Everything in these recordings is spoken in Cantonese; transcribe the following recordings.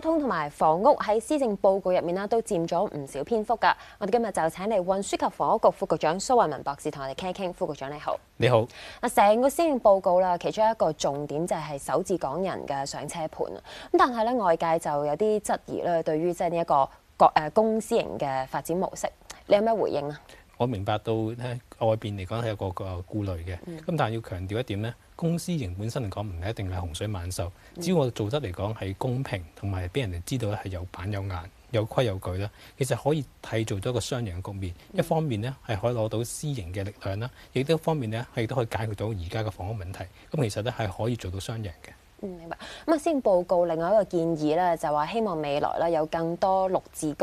交通同埋房屋喺施政報告入面啦，都佔咗唔少篇幅噶。我哋今日就請嚟運輸及房屋局副局長蘇偉文博士同我哋傾一傾。副局長你好，你好。啊，成個施政報告啦，其中一個重點就係首次港人嘅上車盤啊。咁但係咧外界就有啲質疑啦，對於即係呢一個國誒公私營嘅發展模式，你有咩回應啊？我明白到咧外邊嚟講係有個個顧慮嘅，咁、嗯、但係要強調一點咧，公私營本身嚟講唔係一定係洪水猛獸、嗯，只要我做得嚟講係公平，同埋俾人哋知道咧係有板有眼、有規有矩啦，其實可以製造咗一個雙贏局面、嗯。一方面咧係可以攞到私營嘅力量啦，亦都一方面咧係都可以解決到而家嘅房屋問題。咁其實咧係可以做到雙贏嘅。嗯，明白。咁啊，先報告另外一個建議咧，就話希望未來咧有更多綠置居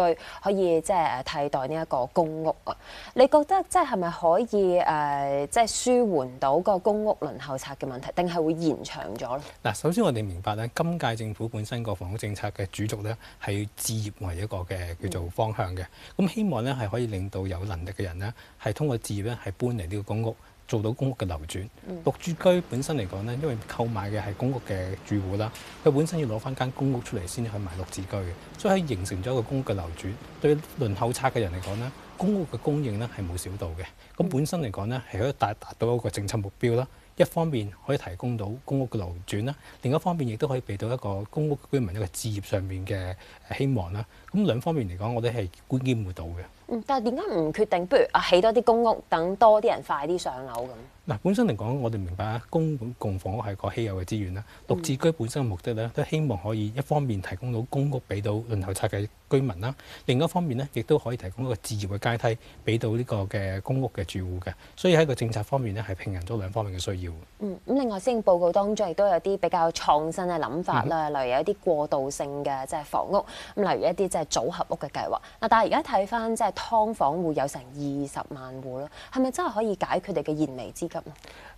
可以即係替代呢一個公屋啊。你覺得即係咪可以誒、呃，即係舒緩到個公屋輪候冊嘅問題，定係會延長咗咧？嗱，首先我哋明白咧，今屆政府本身個房屋政策嘅主軸咧，係置業為一個嘅叫做方向嘅。咁、嗯、希望咧係可以令到有能力嘅人咧，係通過置業咧係搬離呢個公屋。做到公屋嘅流轉，綠置居本身嚟講咧，因為購買嘅係公屋嘅住戶啦，佢本身要攞翻間公屋出嚟先去買綠置居嘅，所以可以形成咗一個公屋嘅流轉。對輪候冊嘅人嚟講咧，公屋嘅供應咧係冇少到嘅。咁本身嚟講咧，係可以達達到一個政策目標啦。一方面可以提供到公屋嘅流轉啦，另一方面亦都可以俾到一個公屋居民一個置業上面嘅希望啦。咁兩方面嚟講，我哋係貫穿唔到嘅。但係點解唔決定不如啊起多啲公屋，等多啲人快啲上樓咁？嗱，本身嚟講，我哋明白啊，公共房屋係個稀有嘅資源啦。綠置居本身嘅目的咧，都希望可以一方面提供到公屋俾到輪候冊嘅居民啦，另一方面咧，亦都可以提供到一個置業嘅階梯俾到呢個嘅公屋嘅住戶嘅。所以喺個政策方面咧，係平衡咗兩方面嘅需要。嗯，咁另外施政報告當中亦都有啲比較創新嘅諗法啦、嗯，例如有一啲過渡性嘅即係房屋，咁例如一啲即係組合屋嘅計劃。嗱，但係而家睇翻即係。劏房戶有成二十萬戶咯，係咪真係可以解決佢哋嘅燃眉之急咧？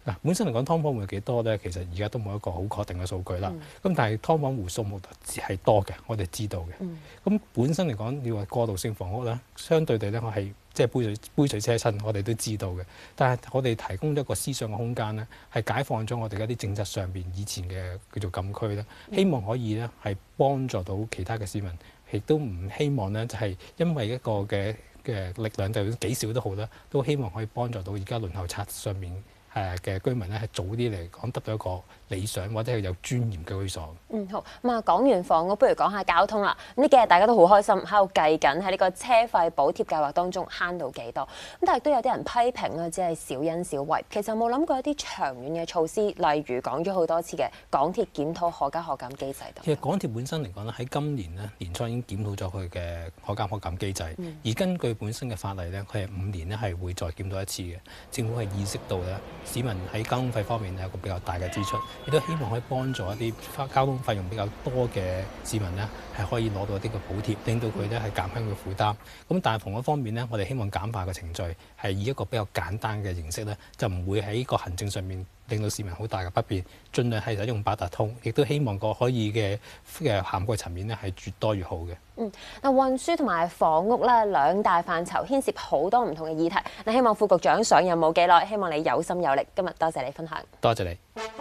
嗱，本身嚟講劏房戶有幾多咧？其實而家都冇一個好確定嘅數據啦。咁、嗯、但係劏房戶數目係多嘅，我哋知道嘅。咁、嗯、本身嚟講，你話過渡性房屋咧，相對地咧，我係即係杯水杯水車薪，我哋都知道嘅。但係我哋提供咗一個思想嘅空間咧，係解放咗我哋一啲政策上邊以前嘅叫做禁區咧、嗯，希望可以咧係幫助到其他嘅市民，亦都唔希望咧就係、是、因為一個嘅。嘅力量就幾少都好啦，都希望可以幫助到而家輪候冊上面。誒嘅居民咧，係早啲嚟講得到一個理想或者係有尊嚴嘅居所。嗯，好咁啊，講完房屋，不如講下交通啦。呢幾日大家都好開心，喺度計緊喺呢個車費補貼計劃當中慳到幾多。咁但係都有啲人批評咧，只係小恩小惠。其實冇諗過一啲長遠嘅措施，例如講咗好多次嘅港鐵檢討可加可減機制度。其實港鐵本身嚟講咧，喺今年咧年初已經檢討咗佢嘅可加可減機制，嗯，而根據本身嘅法例咧，佢係五年咧係會再檢討一次嘅。政府係意識到咧。市民喺交通費方面有個比較大嘅支出，亦都希望可以幫助一啲交通費用比較多嘅市民呢，係可以攞到一啲嘅補貼，令到佢呢係減輕佢負擔。咁但係同一方面呢，我哋希望簡化個程序，係以一個比較簡單嘅形式呢，就唔會喺個行政上面。令到市民好大嘅不便，儘量係使用八達通，亦都希望個可以嘅誒涵蓋層面咧係越多越好嘅。嗯，嗱，運輸同埋房屋啦，兩大範疇牽涉好多唔同嘅議題。嗱，希望副局長上任冇幾耐，希望你有心有力。今日多謝你分享，多謝你。